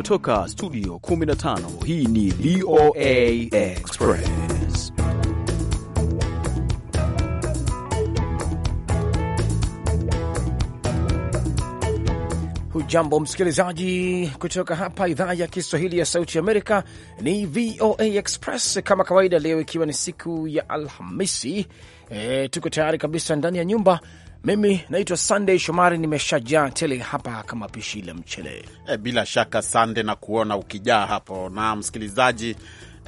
kutoka studio 15 hii ni VOA Express Hujambo msikilizaji, kutoka hapa idhaa ya Kiswahili ya sauti Amerika. Ni VOA Express kama kawaida, leo ikiwa ni siku ya Alhamisi. E, tuko tayari kabisa ndani ya nyumba mimi naitwa Sunday Shomari, nimeshajaa tele hapa kama pishi la mchele. E, bila shaka Sunday na kuona ukijaa hapo. Na msikilizaji,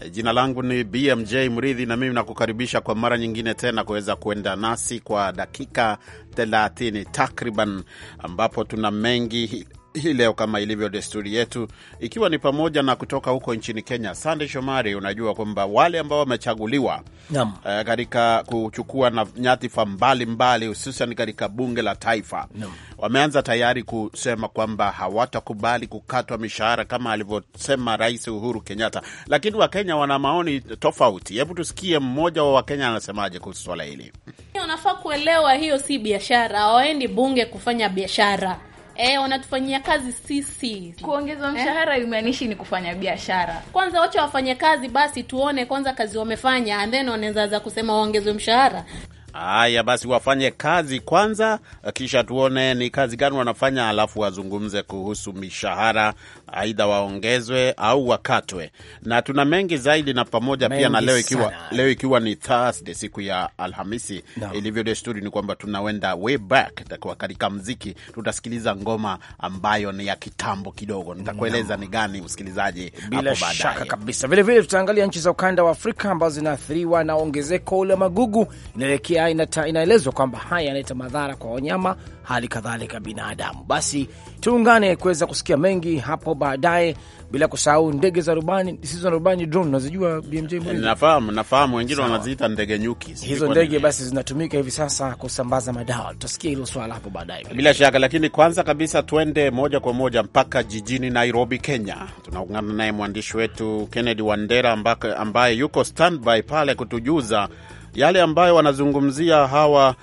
eh, jina langu ni BMJ Mridhi na mimi nakukaribisha kwa mara nyingine tena kuweza kuenda nasi kwa dakika 30 takriban, ambapo tuna mengi hii leo kama ilivyo desturi yetu, ikiwa ni pamoja na kutoka huko nchini Kenya. Sande Shomari, unajua kwamba wale ambao wamechaguliwa uh, katika kuchukua na nyadhifa mbalimbali hususan katika bunge la taifa Naam. wameanza tayari kusema kwamba hawatakubali kukatwa mishahara kama alivyosema Rais Uhuru Kenyatta, lakini Wakenya wana maoni tofauti. Hebu tusikie mmoja wa Wakenya anasemaje kuhusu swala hili. Wanafaa kuelewa hiyo si biashara, hawaendi bunge kufanya biashara E, wanatufanyia kazi sisi. Kuongezwa eh? mshahara haimaanishi eh, ni kufanya biashara. Kwanza wacha wafanye kazi basi, tuone kwanza kazi wamefanya, and then kusema waongezwe mshahara. Haya basi, wafanye kazi kwanza, kisha tuone ni kazi gani wanafanya, alafu wazungumze kuhusu mishahara aidha waongezwe au wakatwe, na tuna mengi zaidi na pamoja mengi pia na leo ikiwa Leo ikiwa ni Thursday, siku ya Alhamisi no. Ilivyo desturi ni kwamba tunawenda way back kwa katika mziki, tutasikiliza ngoma ambayo ni ya kitambo kidogo. Nitakueleza no. ni gani msikilizaji, bila shaka kabisa. Vilevile tutaangalia nchi za ukanda wa Afrika ambazo zinaathiriwa na ongezeko la magugu, inaelekea inaelezwa kwamba haya yanaleta madhara kwa wanyama, hali kadhalika binadamu. Basi tuungane kuweza kusikia mengi hapo baadaye, bila kusahau ndege za rubani zisizo na rubani drone. Unazijua BMJ? Nafahamu, nafahamu, wengine wanaziita ndege nyuki. Hizo ndege basi zinatumika hivi sasa kusambaza madawa. Tutasikia hilo swala hapo baadaye bila shaka, lakini kwanza kabisa twende moja kwa moja mpaka jijini Nairobi, Kenya. Tunaungana naye mwandishi wetu Kennedy Wandera ambaye yuko standby pale kutujuza yale ambayo wanazungumzia hawa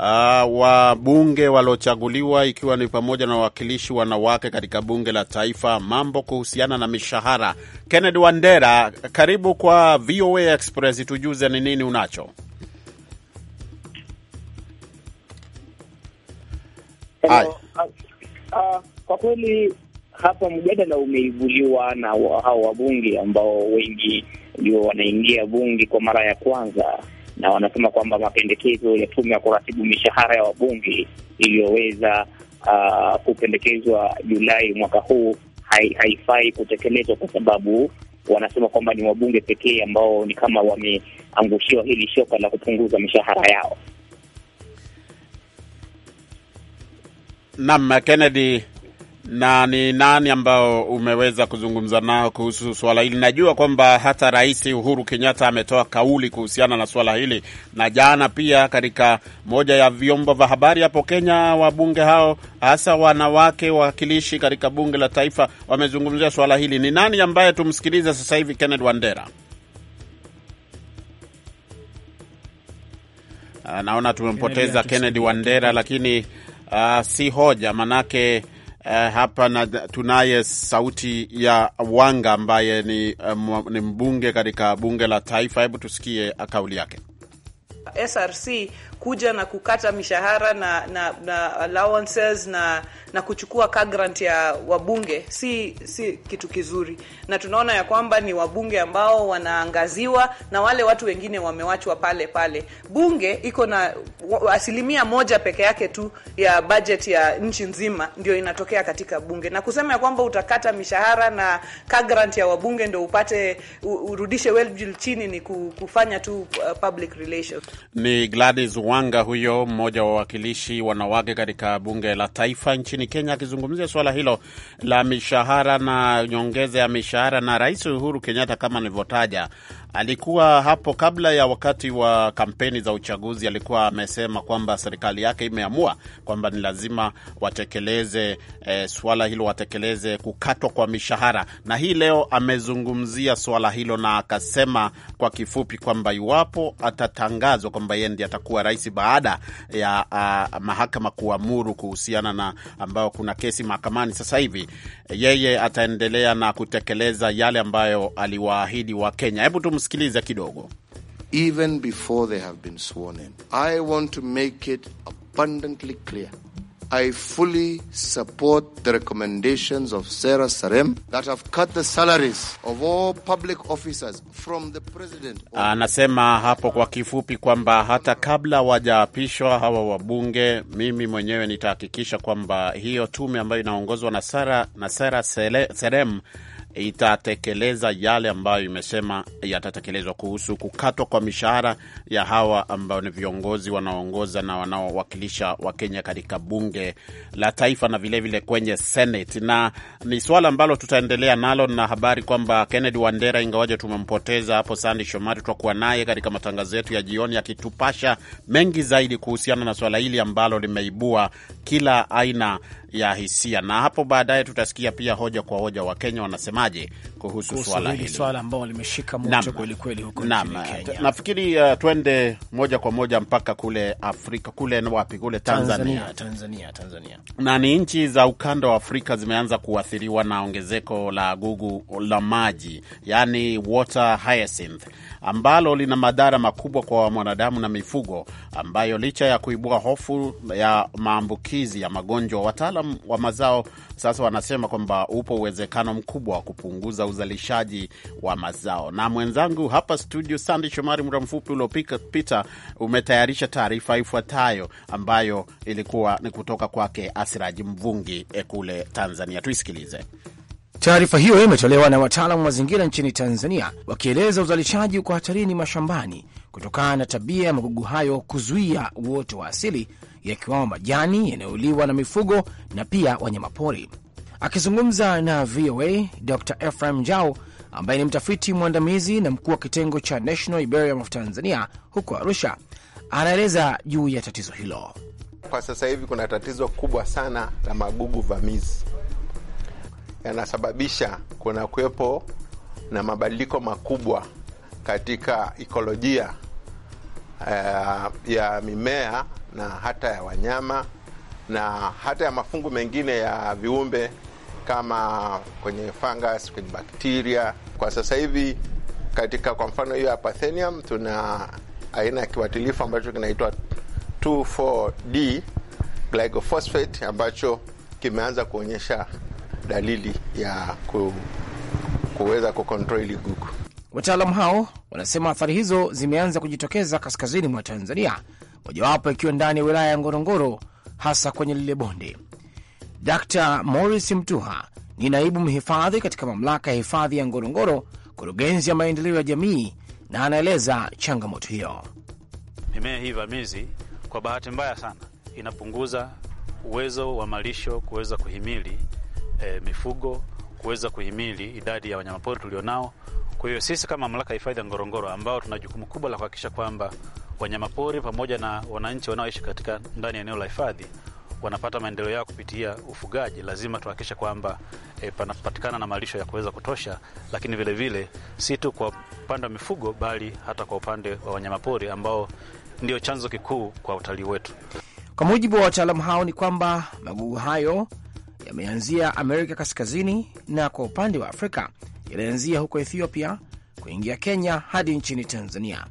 Uh, wabunge waliochaguliwa ikiwa ni pamoja na wawakilishi wanawake katika bunge la taifa, mambo kuhusiana na mishahara. Kennedy Wandera, karibu kwa VOA Express, tujuze ni nini unacho. Uh, Uh, kwa kweli hapa mjadala umeibuliwa na hao wabunge ambao wengi ndio wanaingia bunge kwa mara ya kwanza na wanasema kwamba mapendekezo ya tume ya kuratibu mishahara ya wabunge iliyoweza uh, kupendekezwa Julai mwaka huu hai, haifai kutekelezwa kwa sababu wanasema kwamba ni wabunge pekee ambao ni kama wameangushiwa hili shoka la kupunguza mishahara yao. Naam, Kennedy na ni nani ambao umeweza kuzungumza nao kuhusu swala hili? Najua kwamba hata Rais Uhuru Kenyatta ametoa kauli kuhusiana na swala hili, na jana pia katika moja ya vyombo vya habari hapo Kenya, wabunge hao hasa wanawake wawakilishi katika bunge la taifa wamezungumzia swala hili. Ni nani ambaye tumsikilize sasa hivi? Kenneth Wandera. Ah, naona tumempoteza Kennedy Wandera, lakini uh, si hoja manake eh, hapa na tunaye sauti ya Wanga ambaye ni, eh, ni mbunge katika bunge la taifa. Hebu tusikie kauli yake. SRC kuja na kukata mishahara na na, na allowances na na kuchukua ka grant ya wabunge si si kitu kizuri, na tunaona ya kwamba ni wabunge ambao wanaangaziwa na wale watu wengine wamewachwa pale pale. Bunge iko na asilimia moja peke yake tu ya budget ya nchi nzima ndio inatokea katika bunge, na kusema ya kwamba utakata mishahara na ka grant ya wabunge ndio upate urudishe well chini ni kufanya tu uh, public relations. Ni Gladys Wanga huyo, mmoja wa wawakilishi wanawake katika bunge la taifa nchini Kenya, akizungumzia suala hilo la mishahara na nyongeza ya mishahara na Rais Uhuru Kenyatta, kama nilivyotaja, alikuwa hapo kabla ya wakati wa kampeni za uchaguzi, alikuwa amesema kwamba serikali yake imeamua kwamba ni lazima watekeleze e, eh, swala hilo, watekeleze kukatwa kwa mishahara, na hii leo amezungumzia swala hilo na akasema kwa kifupi kwamba iwapo atatangazwa kwamba yeye ndiye atakuwa rais baada ya a, mahakama kuamuru kuhusiana na ambayo kuna kesi mahakamani sasa hivi, yeye ataendelea na kutekeleza yale ambayo aliwaahidi Wakenya. Hebu tumsikilize kidogo. Even before they have been sworn in, I want to make it abundantly clear I fully support the recommendations of Sarah Sarem that have cut the salaries of all public officers from the president. Anasema hapo kwa kifupi kwamba hata kabla wajaapishwa hawa wabunge, mimi mwenyewe nitahakikisha kwamba hiyo tume ambayo inaongozwa na Sarah na Sarah Serem itatekeleza yale ambayo imesema yatatekelezwa kuhusu kukatwa kwa mishahara ya hawa ambao ni viongozi wanaoongoza na wanaowakilisha Wakenya katika bunge la taifa na vilevile vile kwenye Senate, na ni swala ambalo tutaendelea nalo, na habari kwamba Kennedy Wandera, ingawaje tumempoteza hapo, Sandi Shomari tutakuwa naye katika matangazo yetu ya jioni akitupasha mengi zaidi kuhusiana na swala hili ambalo limeibua kila aina ya hisia, na hapo baadaye tutasikia pia hoja kwa hoja Wakenya wanasemaje kuhusu swala hili, swala limeshika moto kweli kweli huko nchini eh, Kenya. Nafikiri uh, twende moja kwa moja mpaka kule Afrika kule wapi, kule Tanzania. Tanzania, Tanzania, Tanzania. Na ni nchi za ukanda wa Afrika zimeanza kuathiriwa na ongezeko la gugu la maji, yani water hyacinth, ambalo lina madhara makubwa kwa mwanadamu na mifugo, ambayo licha ya kuibua hofu ya maambukizi ya magonjwa wataalam wataalam wa mazao sasa wanasema kwamba upo uwezekano mkubwa wa kupunguza uzalishaji wa mazao. Na mwenzangu hapa studio Sandi Shomari, muda mfupi uliopita umetayarisha taarifa ifuatayo ambayo ilikuwa ni kutoka kwake Asiraji Mvungi eh, kule Tanzania. Tuisikilize. Taarifa hiyo imetolewa na wataalamu wa mazingira nchini Tanzania wakieleza uzalishaji uko hatarini mashambani kutokana na tabia ya magugu hayo kuzuia uoto wa asili yakiwamo majani yanayoliwa na mifugo na pia wanyamapori. Akizungumza na VOA, Dr Ephraim jao ambaye ni mtafiti mwandamizi na mkuu wa kitengo cha National Herbarium of Tanzania huko Arusha anaeleza juu ya tatizo hilo. Kwa sasa hivi kuna tatizo kubwa sana la magugu vamizi, yanasababisha kuna kuwepo na mabadiliko makubwa katika ikolojia uh, eh, ya mimea na hata ya wanyama na hata ya mafungu mengine ya viumbe kama kwenye fungus, kwenye bakteria. Kwa sasa hivi katika kwa mfano hiyo ya Parthenium tuna aina ya kiwatilifu ambacho kinaitwa 24D glycophosphate ambacho kimeanza kuonyesha dalili ya ku, kuweza kukontrol hili gugu. Wataalamu hao wanasema athari hizo zimeanza kujitokeza kaskazini mwa Tanzania mojawapo ikiwa ndani ya wilaya ya Ngorongoro, hasa kwenye lile bonde. Dr Morris Mtuha ni naibu mhifadhi katika mamlaka ya hifadhi ya Ngorongoro, kurugenzi ya maendeleo ya jamii, na anaeleza changamoto hiyo. Mimea hii vamizi, kwa bahati mbaya sana, inapunguza uwezo wa malisho kuweza kuhimili e, mifugo kuweza kuhimili idadi ya wanyamapori tulionao. Kwa hiyo sisi kama mamlaka ya hifadhi ya Ngorongoro, ambao tuna jukumu kubwa la kuhakikisha kwamba wanyamapori pamoja na wananchi wanaoishi katika ndani ya eneo la hifadhi wanapata maendeleo yao kupitia ufugaji, lazima tuhakikishe kwamba e, panapatikana na malisho ya kuweza kutosha, lakini vilevile si tu kwa upande wa mifugo, bali hata kwa upande wa wanyamapori ambao ndio chanzo kikuu kwa utalii wetu. Kwa mujibu wa wataalamu hao, ni kwamba magugu hayo yameanzia Amerika Kaskazini na kwa upande wa Afrika yalianzia huko Ethiopia kuingia Kenya hadi nchini Tanzania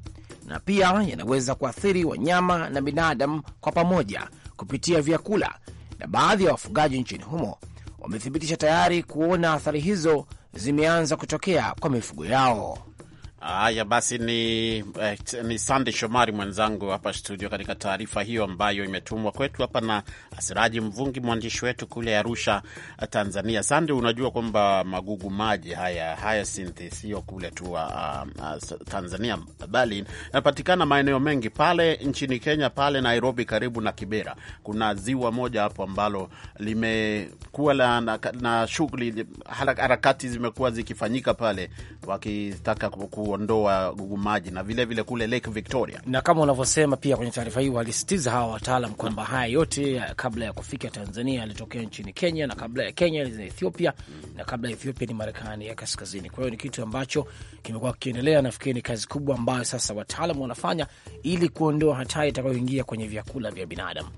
na pia yanaweza kuathiri wanyama na binadamu kwa pamoja kupitia vyakula, na baadhi ya wafugaji nchini humo wamethibitisha tayari kuona athari hizo zimeanza kutokea kwa mifugo yao. Haya basi, ni, eh, ni Sande Shomari mwenzangu hapa studio katika taarifa hiyo ambayo imetumwa kwetu hapa na Asiraji Mvungi, mwandishi wetu kule Arusha, Tanzania. Sande, unajua kwamba magugu maji haya hyasinthi sio kule tu um, uh, uh, Tanzania, bali yanapatikana maeneo mengi pale nchini Kenya, pale Nairobi karibu na Kibera. Kuna ziwa moja hapo ambalo limekuwa na, na, na shughuli harakati zimekuwa zikifanyika pale wakitaka kuku, kuondoa maji na vilevile vile kule Lake Victoria. Na kama unavyosema pia kwenye taarifa hii walisitiza hawa wataalam kwamba haya yote eh, kabla ya kufika Tanzania yalitokea nchini Kenya, na kabla ya Kenya ni Ethiopia, na kabla ya Ethiopia ni Marekani ya Kaskazini. Kwa hiyo ni kitu ambacho kimekuwa kikiendelea. Nafikiri ni kazi kubwa ambayo sasa wataalam wanafanya ili kuondoa hatari itakayoingia kwenye vyakula vya binadamu.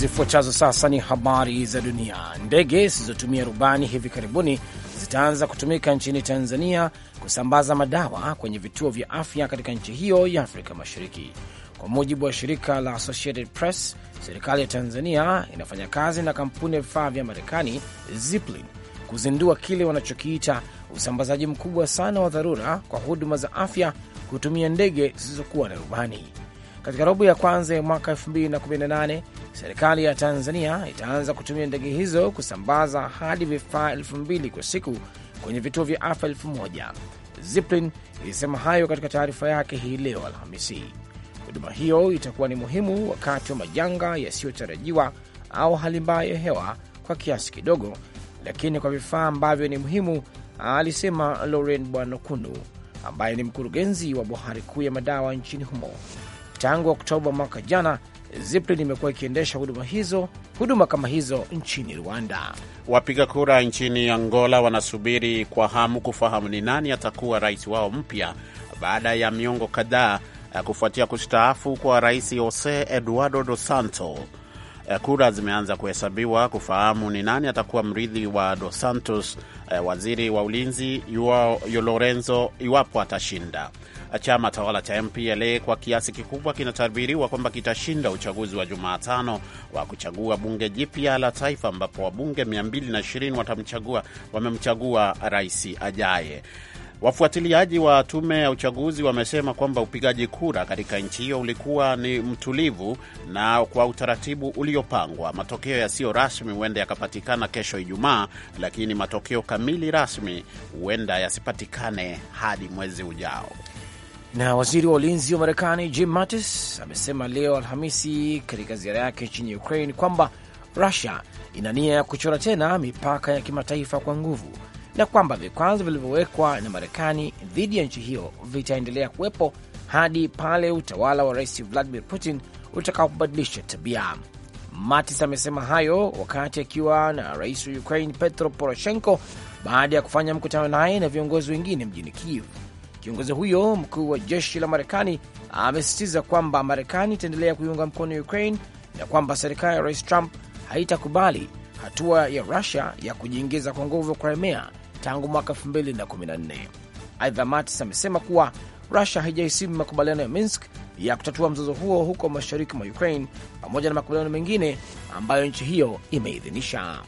Zifuatazo sasa ni habari za dunia. Ndege zisizotumia rubani hivi karibuni zitaanza kutumika nchini Tanzania kusambaza madawa kwenye vituo vya afya katika nchi hiyo ya Afrika Mashariki. Kwa mujibu wa shirika la Associated Press, serikali ya Tanzania inafanya kazi na kampuni ya vifaa vya Marekani Zipline kuzindua kile wanachokiita usambazaji mkubwa sana wa dharura kwa huduma za afya kutumia ndege zisizokuwa na rubani. Katika robo ya kwanza ya mwaka Serikali ya Tanzania itaanza kutumia ndege hizo kusambaza hadi vifaa elfu mbili kwa siku kwenye vituo vya afya elfu moja. Ziplin ilisema hayo katika taarifa yake hii leo Alhamisi. Huduma hiyo itakuwa ni muhimu wakati wa majanga yasiyotarajiwa au hali mbaya ya hewa kwa kiasi kidogo, lakini kwa vifaa ambavyo ni muhimu, alisema loren Bwanokunu ambaye ni mkurugenzi wa bohari kuu ya madawa nchini humo. Tangu Oktoba mwaka jana Zipline imekuwa ikiendesha huduma hizo huduma kama hizo nchini Rwanda. Wapiga kura nchini Angola wanasubiri kwa hamu kufahamu ni nani atakuwa rais wao mpya baada ya miongo kadhaa eh, kufuatia kustaafu kwa rais Jose Eduardo Dos Santos. Eh, kura zimeanza kuhesabiwa kufahamu ni nani atakuwa mrithi wa Dos Santos, eh, waziri wa ulinzi Joao Lorenzo, iwapo atashinda. Chama tawala cha MPLA kwa kiasi kikubwa kinatabiriwa kwamba kitashinda uchaguzi wa Jumatano wa kuchagua bunge jipya la taifa, ambapo wabunge 220 watamchagua wamemchagua rais ajaye. Wafuatiliaji wa tume ya uchaguzi wamesema kwamba upigaji kura katika nchi hiyo ulikuwa ni mtulivu na kwa utaratibu uliopangwa. Matokeo yasiyo rasmi huenda yakapatikana kesho Ijumaa, lakini matokeo kamili rasmi huenda yasipatikane hadi mwezi ujao. Na waziri wa ulinzi wa Marekani Jim Mattis amesema leo Alhamisi katika ziara yake nchini Ukraine kwamba Rusia ina nia ya kuchora tena mipaka ya kimataifa kwa nguvu na kwamba vikwazo vilivyowekwa na Marekani dhidi ya nchi hiyo vitaendelea kuwepo hadi pale utawala wa Rais Vladimir Putin utakaobadilisha tabia. Mattis amesema hayo wakati akiwa na rais wa Ukraine Petro Poroshenko baada ya kufanya mkutano naye na viongozi wengine mjini Kiev. Kiongozi huyo mkuu wa jeshi la Marekani amesisitiza kwamba Marekani itaendelea kuiunga mkono Ukraine na kwamba serikali ya rais Trump haitakubali hatua ya Rusia ya kujiingiza kwa nguvu Crimea tangu mwaka 2014. Aidha, Mattis amesema kuwa Rusia haijahesimu makubaliano ya Minsk ya kutatua mzozo huo huko mashariki mwa Ukraine pamoja na makubaliano mengine ambayo nchi hiyo imeidhinisha.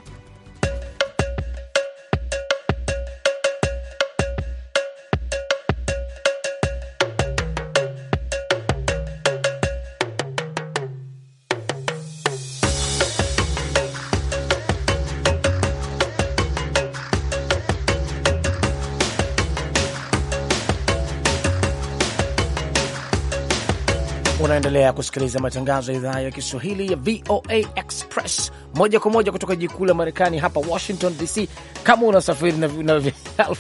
Unaendelea kusikiliza matangazo ya idhaa ya Kiswahili ya VOA Express moja kwa moja kutoka jikuu la Marekani hapa Washington DC. Kama unasafiri na, na, na,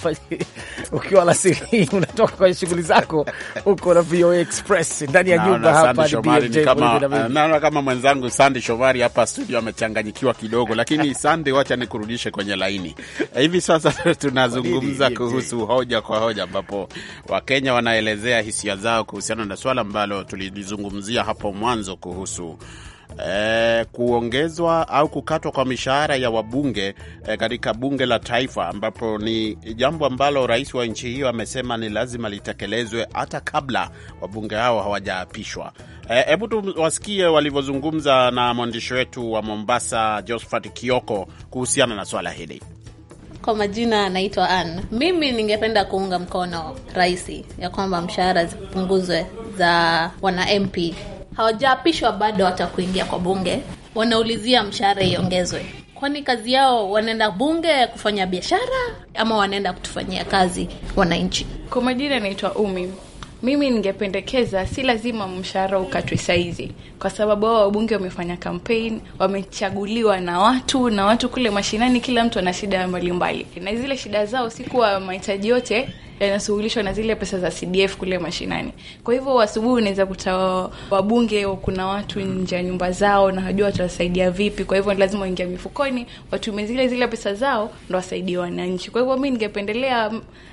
ukiwa alasiri unatoka kwenye shughuli zako huko na VOA Express ndani ya nyumba hapa. Eh, naona kama mwenzangu Sande Shomari hapa studio amechanganyikiwa kidogo, lakini Sande, wacha nikurudishe kwenye laini eh, hivi sasa. Tunazungumza kuhusu hoja kwa hoja, ambapo Wakenya wanaelezea hisia zao kuhusiana na swala ambalo tulilizungumzia hapo mwanzo kuhusu eh, kuongezwa au kukatwa kwa mishahara ya wabunge eh, katika bunge la taifa, ambapo ni jambo ambalo rais wa nchi hiyo amesema ni lazima litekelezwe hata kabla wabunge hao hawajaapishwa. Eh, hebu eh, tuwasikie walivyozungumza na mwandishi wetu wa Mombasa Josephat Kioko kuhusiana na swala hili. Kwa majina anaitwa Ann. Mimi ningependa kuunga mkono rais ya kwamba mshahara zipunguzwe za wana MP hawajaapishwa bado hata kuingia kwa bunge, wanaulizia mshahara iongezwe. Kwani kazi yao wanaenda bunge kufanya biashara ama wanaenda kutufanyia kazi wananchi? Kwa majina anaitwa Umi. Mimi ningependekeza si lazima mshahara ukatwe saizi, kwa sababu hao wabunge wamefanya kampeni, wamechaguliwa na watu na watu kule mashinani, kila mtu ana shida mbalimbali, na zile shida zao si kuwa mahitaji yote yanashughulishwa na zile pesa za CDF kule mashinani. Kwa hivyo asubuhi unaweza kuta wabunge, kuna watu nje ya nyumba zao na hajua watawasaidia vipi. Kwa hivyo lazima waingia mifukoni, watumie zile zile pesa zao ndo wasaidie wananchi. Kwa hivyo mi ningependelea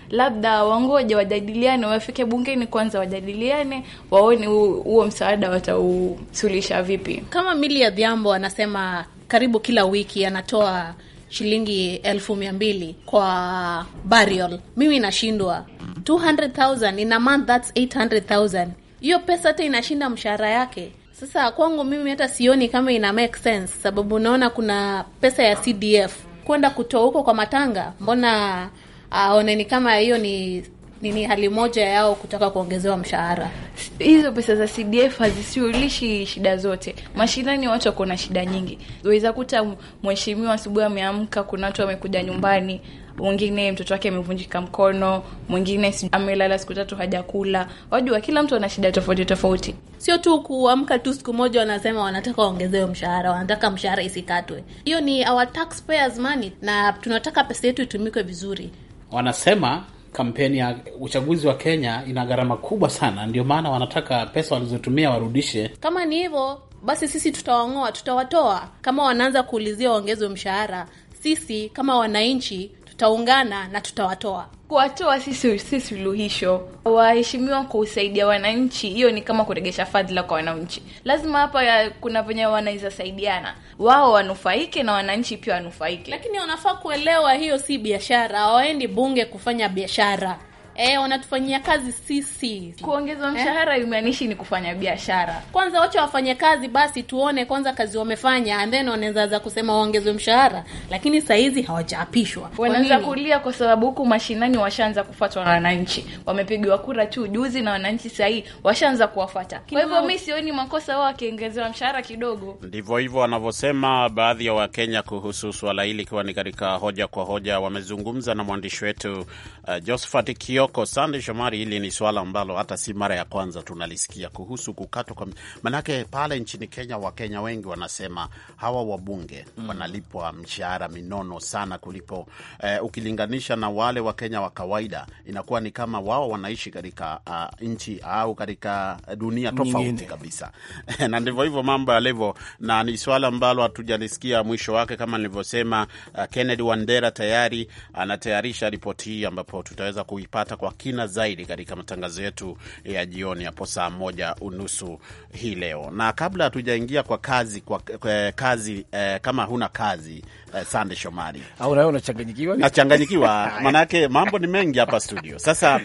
labda wangoja wajadiliane, wafike bungeni kwanza, wajadiliane, waone huo msaada watausuluhisha vipi. Kama Mili ya Dhiambo anasema karibu kila wiki anatoa shilingi elfu mia mbili kwa burial, mimi nashindwa 200,000 in a month, that's 800,000. Hiyo pesa hata inashinda mshahara yake. Sasa kwangu mimi hata sioni kama ina make sense, sababu unaona kuna pesa ya CDF kwenda kutoa huko kwa matanga, mbona aone ah, ni kama hiyo ni nini hali moja yao kutaka kuongezewa mshahara. Hizo pesa za CDF hazisiulishi shida zote. Mashinani watu wako na shida nyingi, waweza kuta mheshimiwa asubuhi ameamka, kuna watu wamekuja nyumbani mwingine mtoto wake amevunjika mkono, mwingine amelala siku tatu hajakula. Wajua, kila mtu ana shida tofauti tofauti, sio tu kuamka tu siku moja wanasema wanataka waongezewe mshahara, wanataka mshahara isikatwe. Hiyo ni our taxpayers money, na tunataka pesa yetu itumike vizuri. Wanasema kampeni ya uchaguzi wa Kenya ina gharama kubwa sana, ndio maana wanataka pesa walizotumia warudishe. Kama ni hivyo basi, sisi tutawang'oa, tutawatoa. Kama wanaanza kuulizia waongezwe mshahara, sisi kama wananchi tutaungana na tutawatoa. Kuwatoa sisi si suluhisho. Waheshimiwa kuusaidia wananchi, hiyo ni kama kuregesha fadhila kwa wananchi. Lazima hapa ya, kuna venye wanaweza saidiana, wao wanufaike na wananchi pia wanufaike, lakini wanafaa kuelewa hiyo si biashara. Hawaendi bunge kufanya biashara. E, wanatufanyia kazi sisi. Kuongezwa eh? mshahara imaanishi ni kufanya biashara. Kwanza wacha wafanye kazi basi, tuone kwanza kazi wamefanya, and then wanaweza za kusema waongezwe mshahara, lakini saa hizi hawajaapishwa. Wanaanza kulia kwa sababu huku mashinani washaanza kufuatwa na wananchi, wamepigiwa kura tu juzi na wananchi, saa hii washaanza kuwafuata. Kwa hivyo mi sioni makosa wao wakiongezewa mshahara kidogo. Ndivyo hivyo wanavyosema baadhi ya Wakenya kuhusu swala hili, ikiwa ni katika hoja kwa hoja. Wamezungumza na mwandishi wetu uh, Josephat Kio kwako Sande Shomari. Hili ni swala ambalo hata si mara ya kwanza tunalisikia kuhusu kukatwa kwa manake, pale nchini Kenya Wakenya wengi wanasema hawa wabunge mm. wanalipwa mshahara minono sana kuliko eh, ukilinganisha na wale Wakenya wa kawaida, inakuwa ni kama wao wanaishi katika uh, nchi au katika dunia tofauti kabisa na ndivyo hivyo mambo yalivyo, na ni swala ambalo hatujalisikia mwisho wake. Kama nilivyosema, uh, Kennedy Wandera tayari anatayarisha ripoti hii ambapo tutaweza kuipata tutapata kwa kina zaidi katika matangazo yetu ya jioni hapo saa moja unusu hii leo. Na kabla hatujaingia kwa kazi, kwa, kwa, kazi eh, kama huna kazi eh, Sande Shomari au unachanganyikiwa, nachanganyikiwa manake mambo ni mengi hapa studio. Sasa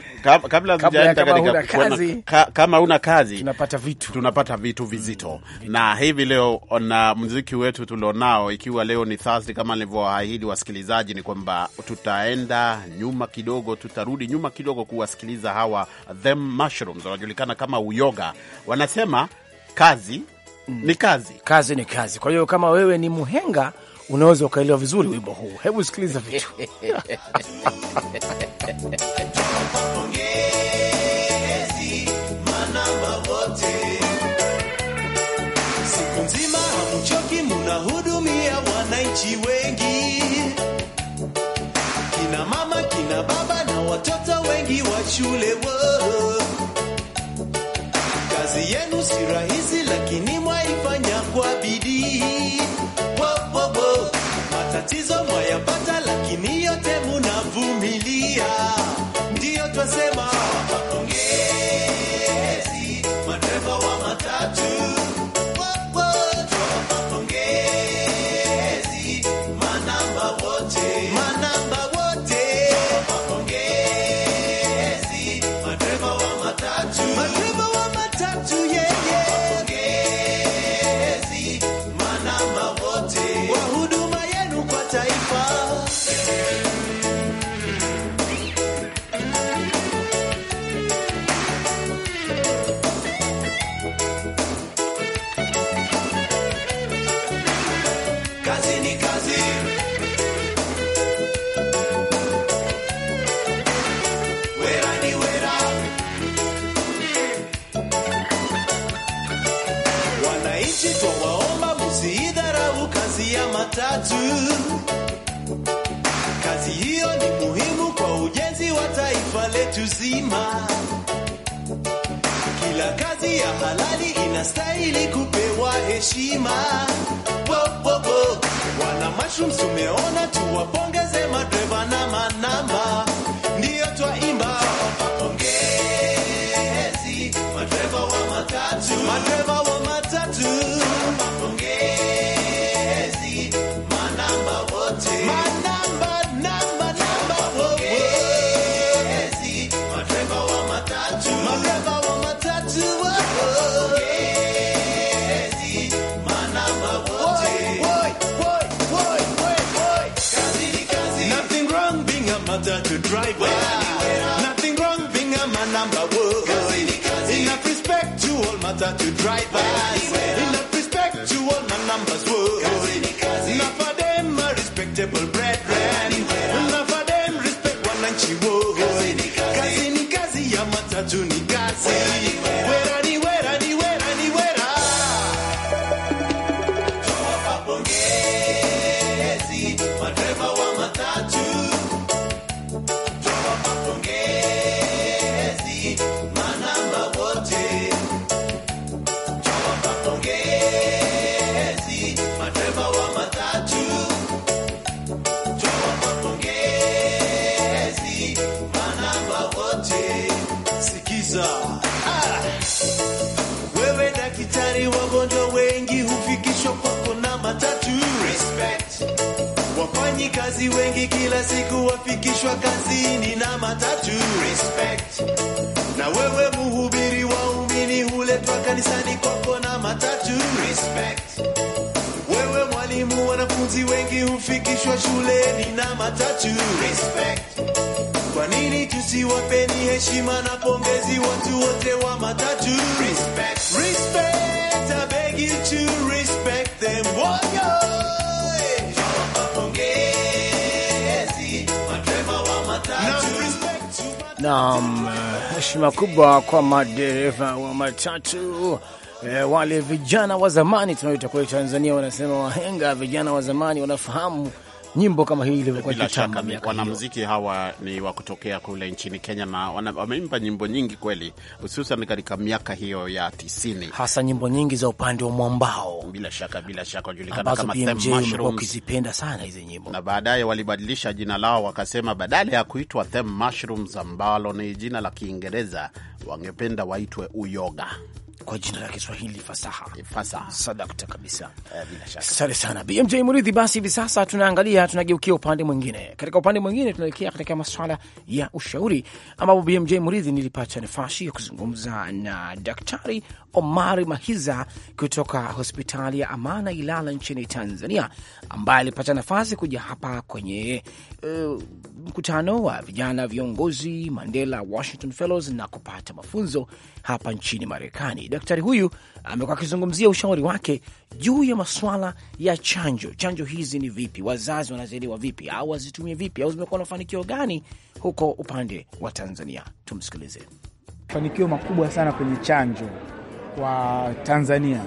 kabla, hatujaenda katika kama, ka, kama huna kazi tunapata vitu, tunapata vitu mm, vizito mm, vitu. Na hivi leo na mziki wetu tulionao, ikiwa leo ni Thursday kama nilivyoahidi wasikilizaji, ni kwamba tutaenda nyuma kidogo, tutarudi nyuma kidogo kuwasikiliza hawa them mushrooms, wanajulikana kama uyoga. Wanasema kazi mm, ni kazi, kazi ni kazi. Kwa hiyo kama wewe ni mhenga, unaweza ukaelewa vizuri wimbo huu. Hebu sikiliza vitu siku nzima hamchoki, mnahudumia wananchi watoto wengi wa shule Kazi yenu si rahisi, lakini mwaifanya kwa bidii Matatizo mwayapata, lakini yote munavumilia, ndiyo twasema Kazi hiyo ni muhimu kwa ujenzi wa taifa letu zima. Kila kazi ya halali inastahili kupewa heshima. Bo, Wana mashum, tumeona, tuwapongeze madreva na manamba, ndiyo twaimba pongezi madreva wa matatu, madreva wa matatu to drive Wanafunzi wengi kila siku wafikishwa kazini na matatu. Respect. Na wewe muhubiri, waumini huletwa kanisani kwako na matatu. Respect. Wewe mwalimu, wanafunzi wengi hufikishwa shuleni na matatu. Respect. Kwa nini tusiwapeni heshima na pongezi watu wote wa matatu? Respect. Respect. I beg you to respect them. Whoa, Naam, heshima kubwa kwa madereva wa matatu e, wale vijana wa zamani tunaoita kule Tanzania wanasema wahenga, vijana wa zamani wanafahamu nyimbo kama hii ilivyokuwa kitambo. Wanamuziki hawa ni wa kutokea kule nchini Kenya na wameimba nyimbo nyingi kweli, hususan katika miaka hiyo ya tisini, hasa nyimbo nyingi za upande wa mwambao, bila shaka, bila shaka wajulikana kama ukizipenda sana hizi nyimbo, na baadaye walibadilisha jina lao wakasema, badala ya kuitwa Them Mushrooms ambalo ni jina la Kiingereza, wangependa waitwe Uyoga kwa jina la Kiswahili fasaha, fasaha. Sadakta kabisa, eh, Asante sana BMJ Muridhi. Basi hivi sasa tunaangalia, tunageukia upande mwingine. Katika upande mwingine tunaelekea katika maswala ya ushauri, ambapo BMJ Muridhi nilipata nafasi ya kuzungumza na Daktari omar Mahiza kutoka hospitali ya Amana Ilala nchini Tanzania, ambaye alipata nafasi kuja hapa kwenye eh, mkutano uh, wa vijana viongozi Mandela Washington Fellows na kupata mafunzo hapa nchini Marekani. Daktari huyu amekuwa akizungumzia ushauri wake juu ya maswala ya chanjo. Chanjo hizi ni vipi, wazazi wanazielewa vipi, au wazitumie vipi, au zimekuwa na mafanikio gani huko upande wa Tanzania? Tumsikilize. Mafanikio makubwa sana kwenye chanjo kwa Tanzania,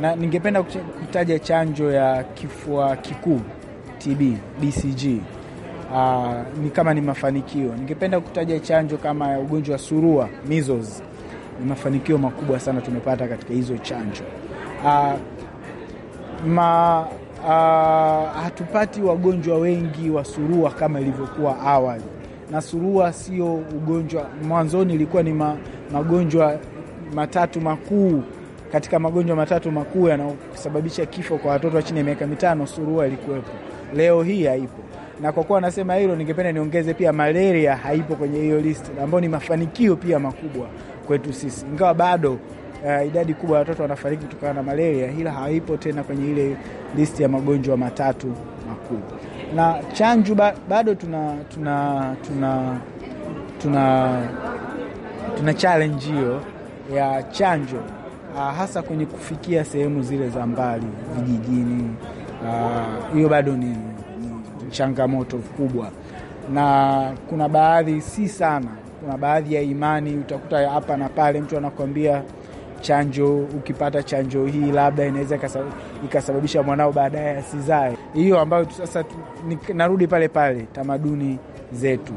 na ningependa kutaja chanjo ya kifua kikuu TB, BCG. Uh, ah, ni kama ni mafanikio. Ningependa kutaja chanjo kama ya ugonjwa wa surua measles ni mafanikio makubwa sana tumepata katika hizo chanjo. Uh, ma, uh, hatupati wagonjwa wengi wa surua kama ilivyokuwa awali, na surua sio ugonjwa. Mwanzoni ilikuwa ni ma, magonjwa matatu makuu katika magonjwa matatu makuu yanayosababisha kifo kwa watoto wa chini ya miaka mitano, surua ilikuwepo, leo hii haipo. Na kwa kuwa anasema hilo, ningependa niongeze pia malaria haipo kwenye hiyo listi, ambayo ni mafanikio pia makubwa kwetu sisi, ingawa bado uh, idadi kubwa ya watoto wanafariki kutokana na malaria, ila haipo tena kwenye ile listi ya magonjwa matatu makubwa. Na chanjo ba, bado tuna tuna tuna tuna, tuna challenge hiyo ya chanjo uh, hasa kwenye kufikia sehemu zile za mbali vijijini. Ah, hiyo uh, bado ni, ni changamoto kubwa, na kuna baadhi si sana kuna baadhi ya imani utakuta hapa na pale mtu anakuambia chanjo, ukipata chanjo hii labda inaweza ikasababisha mwanao baadaye asizae. Hiyo ambayo sasa narudi pale pale tamaduni zetu.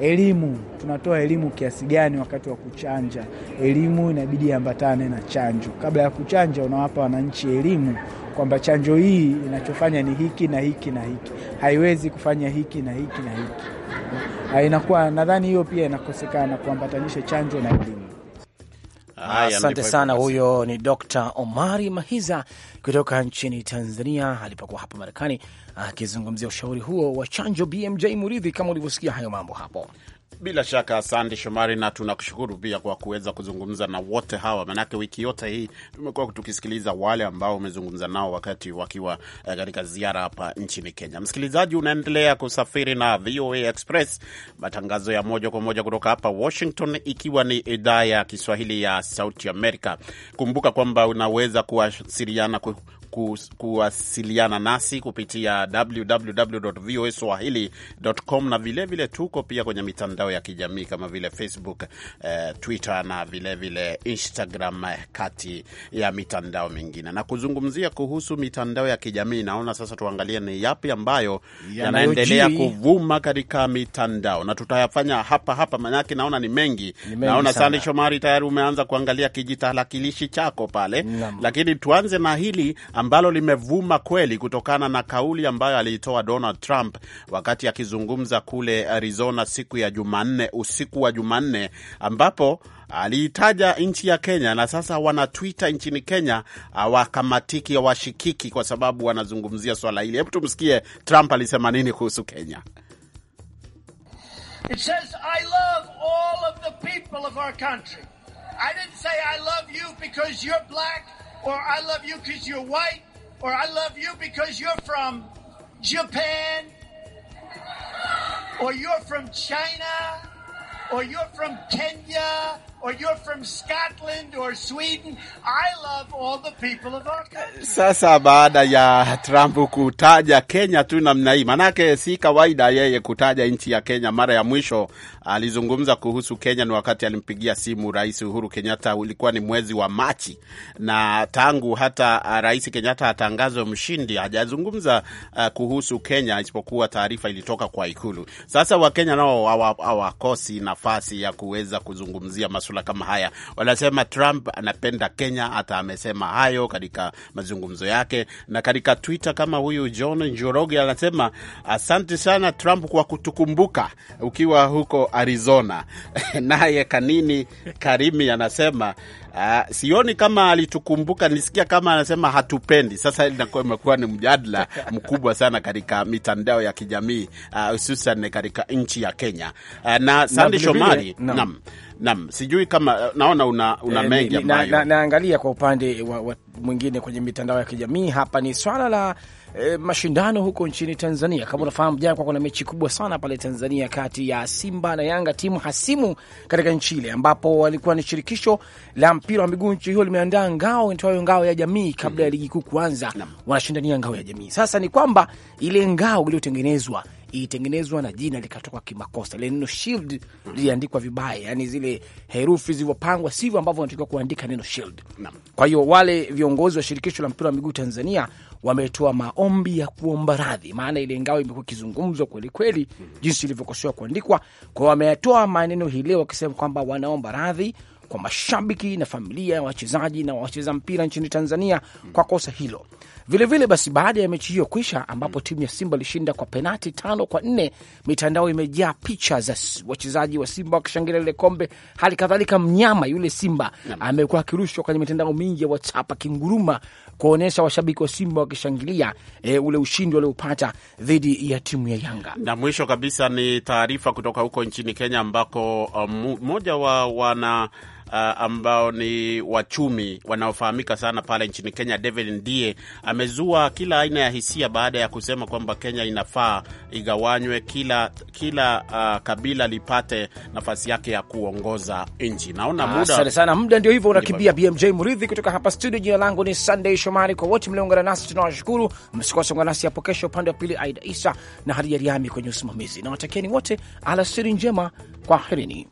Elimu, tunatoa elimu kiasi gani wakati wa kuchanja? Elimu inabidi iambatane na chanjo. Kabla ya kuchanja, unawapa wananchi elimu kwamba chanjo hii inachofanya ni hiki na hiki na hiki, haiwezi kufanya hiki na hiki na hiki. Inakuwa nadhani hiyo pia inakosekana, kuambatanisha chanjo na elimu. Asante sana. Huyo ni Dr. Omari Mahiza kutoka nchini Tanzania alipokuwa hapa Marekani akizungumzia ushauri huo wa chanjo. BMJ Muridhi, kama ulivyosikia hayo mambo hapo. Bila shaka asante Shomari, na tunakushukuru pia kwa kuweza kuzungumza na wote hawa, manake wiki yote hii tumekuwa tukisikiliza wale ambao umezungumza nao wakati wakiwa eh, katika ziara hapa nchini Kenya. Msikilizaji, unaendelea kusafiri na VOA Express, matangazo ya moja kwa moja kutoka hapa Washington, ikiwa ni idhaa ya Kiswahili ya Sauti Amerika. Kumbuka kwamba unaweza kuwasiliana kuwasiliana nasi kupitia www.voaswahili.com na vilevile vile tuko pia kwenye mitandao ya kijamii kama vile Facebook, eh, Twitter na vilevile vile Instagram, eh, kati ya mitandao mingine. Na kuzungumzia kuhusu mitandao ya kijamii, naona sasa tuangalie ni yapi ambayo yanaendelea ya kuvuma katika mitandao, na tutayafanya hapa hapa, manake naona ni mengi, ni mengi. Naona Sandi Shomari tayari umeanza kuangalia kijitalakilishi chako pale Nama. Lakini tuanze na hili ambalo limevuma kweli kutokana na kauli ambayo aliitoa Donald Trump wakati akizungumza kule Arizona siku ya Jumanne, usiku wa Jumanne, ambapo aliitaja nchi ya Kenya na sasa wanatwita nchini Kenya awakamatiki uh, awashikiki kwa sababu wanazungumzia swala hili. Hebu tumsikie Trump alisema nini kuhusu Kenya. It says, I love all of the people of our country. I didn't say I love you because you're black. or I love you because you're white, or I love you because you're from Japan, or you're from China, or you're from Kenya, Sasa baada ya Trump kutaja Kenya tu namna hii, manake si kawaida yeye kutaja nchi ya Kenya. Mara ya mwisho alizungumza kuhusu Kenya ni wakati alimpigia simu Rais Uhuru Kenyatta, ulikuwa ni mwezi wa Machi, na tangu hata uh, Rais Kenyatta atangazwe mshindi hajazungumza uh, kuhusu Kenya, isipokuwa taarifa ilitoka kwa Ikulu. Sasa Wakenya nao hawakosi nafasi ya kuweza kuzungumzia masuala maswala kama haya. Wanasema Trump anapenda Kenya, hata amesema hayo katika mazungumzo yake. Na katika Twitter kama huyu John Njoroge anasema asante sana Trump kwa kutukumbuka ukiwa huko Arizona. Naye Kanini Karimi anasema Uh, sioni kama alitukumbuka, nisikia kama anasema hatupendi. Sasa inakuwa imekuwa ni mjadala mkubwa sana katika mitandao ya kijamii ah, hususan uh, katika nchi ya Kenya uh, na Sandi Shomari, naam Naam, sijui kama eh, naona una, una e, mengi ambayo na, naangalia na kwa upande wa, wa mwingine kwenye mitandao ya kijamii hapa ni swala la e, mashindano huko nchini Tanzania. Kama unafahamu jana kwa kuna mechi kubwa sana pale Tanzania kati ya Simba na Yanga, timu hasimu katika nchi ile, ambapo walikuwa ni shirikisho la mpira wa miguu nchi hiyo limeandaa ngao itwayo ngao ya jamii kabla ya mhm. ligi kuu kuanza, wanashindania ngao ya jamii. Sasa ni kwamba ile ngao iliyotengenezwa ilitengenezwa na jina likatoka kimakosa. Ile neno shield liliandikwa vibaya, yani zile herufi zilivyopangwa sivyo ambavyo wanatakiwa kuandika neno shield. Kwa hiyo wale viongozi wa shirikisho la mpira wa miguu Tanzania wametoa maombi ya kuomba radhi, maana ile ngao imekuwa ikizungumzwa kwelikweli mhm. jinsi ilivyokosewa kuandikwa kwao. wametoa maneno hii leo wakisema kwamba wanaomba radhi kwa mashabiki na familia ya wachezaji na wacheza mpira nchini Tanzania kwa kosa hilo. Vilevile vile basi, baada ya mechi hiyo kuisha, ambapo timu ya Simba ilishinda kwa penati tano kwa nne, mitandao imejaa picha za wachezaji wa Simba wakishangilia lile kombe. Hali kadhalika mnyama yule Simba amekuwa akirushwa kwenye mitandao mingi ya WhatsApp akinguruma kuonyesha washabiki wa Simba wakishangilia e, ule ushindi walioupata dhidi ya timu ya Yanga. Na mwisho kabisa ni taarifa kutoka huko nchini Kenya ambako mmoja um, wa wana uh, ambao ni wachumi wanaofahamika sana pale nchini Kenya, David Ndie amezua kila aina ya hisia baada ya kusema kwamba Kenya inafaa igawanywe, kila kila uh, kabila lipate nafasi yake ya kuongoza nchi. Naona muda asante sana, muda ndio hivyo unakimbia. BMJ mridhi kutoka hapa studio, jina langu ni Sunday Shomari. Kwa wote mliungana nasi tunawashukuru, msikose kuungana nasi hapo kesho. Upande wa pili Aida Isa na Hadija Riami kwenye usimamizi, na wote alasiri njema, kwaherini.